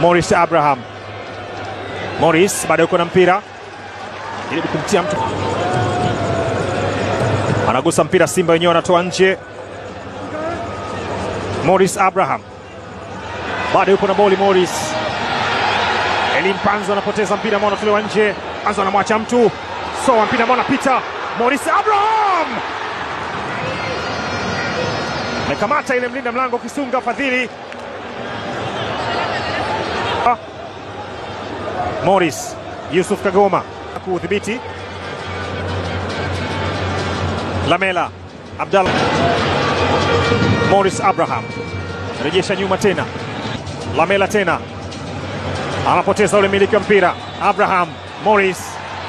Morris Abraham. Morris bado yuko na mpira, jaribu kumtia mtu, anagusa mpira, Simba wenyewe wanatoa nje. Morris Abraham bado yuko na boli. Morris Elimpanzo anapoteza mpira mwana anatolewa nje. Panzo anamwacha mtu, soa mpira mwana pita Morris Abraham mekamata ile mlinda mlango Kisunga Fadhili Morris Yusuf Kagoma kuudhibiti Lamela Abdallah Morris Abraham rejesha nyuma tena, Lamela tena anapoteza ule miliki wa mpira. Abraham Morris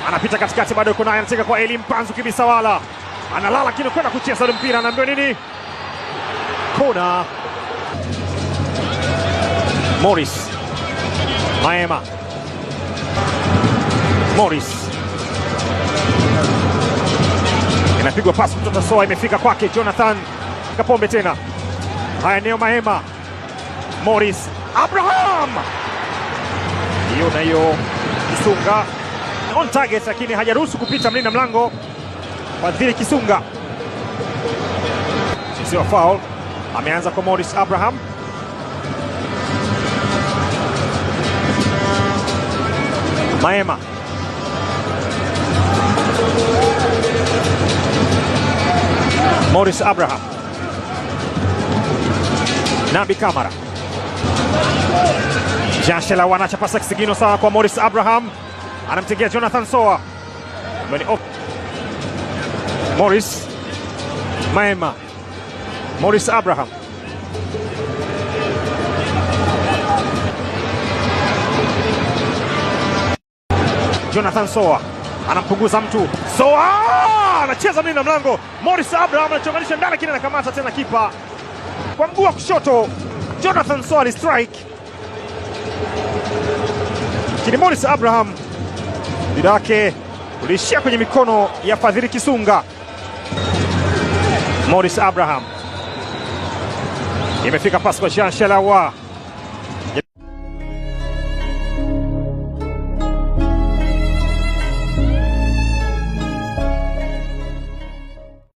anapita katikati, bado yuko naye, anacheka kwa Eli Mpanzu kibisawala, analala kile kwenda kucheza ule mpira, anaambiwa nini? Kona Morris Maema Morris inapigwa pasi mtoto Soa, imefika kwake Jonathan Kapombe tena. Haya, Neo Mahema, Morris Abraham, hiyo na hiyo Kisunga on target, lakini hajaruhusu kupita mlinda mlango Fadhili Kisunga. Chezewa foul, ameanza kwa Morris Abraham Mahema Morris Abraham. Nabi Kamara. Jashe la wanachapa saksi gino sawa kwa Morris Abraham, anamtegea Jonathan Soa Mbani op. Morris Maema, Morris Abraham Jonathan Soa anampunguza mtu Soa anacheza mlinda mlango Morris Abraham anachonganisha ndani, lakini anakamata tena kipa kwa mguu wa kushoto. Jonathan Soa ali strike, lakini Morris Abraham mpira wake uliishia kwenye mikono ya Fadhili Kisunga. Morris Abraham imefika pasi kwa Jean Shalawa.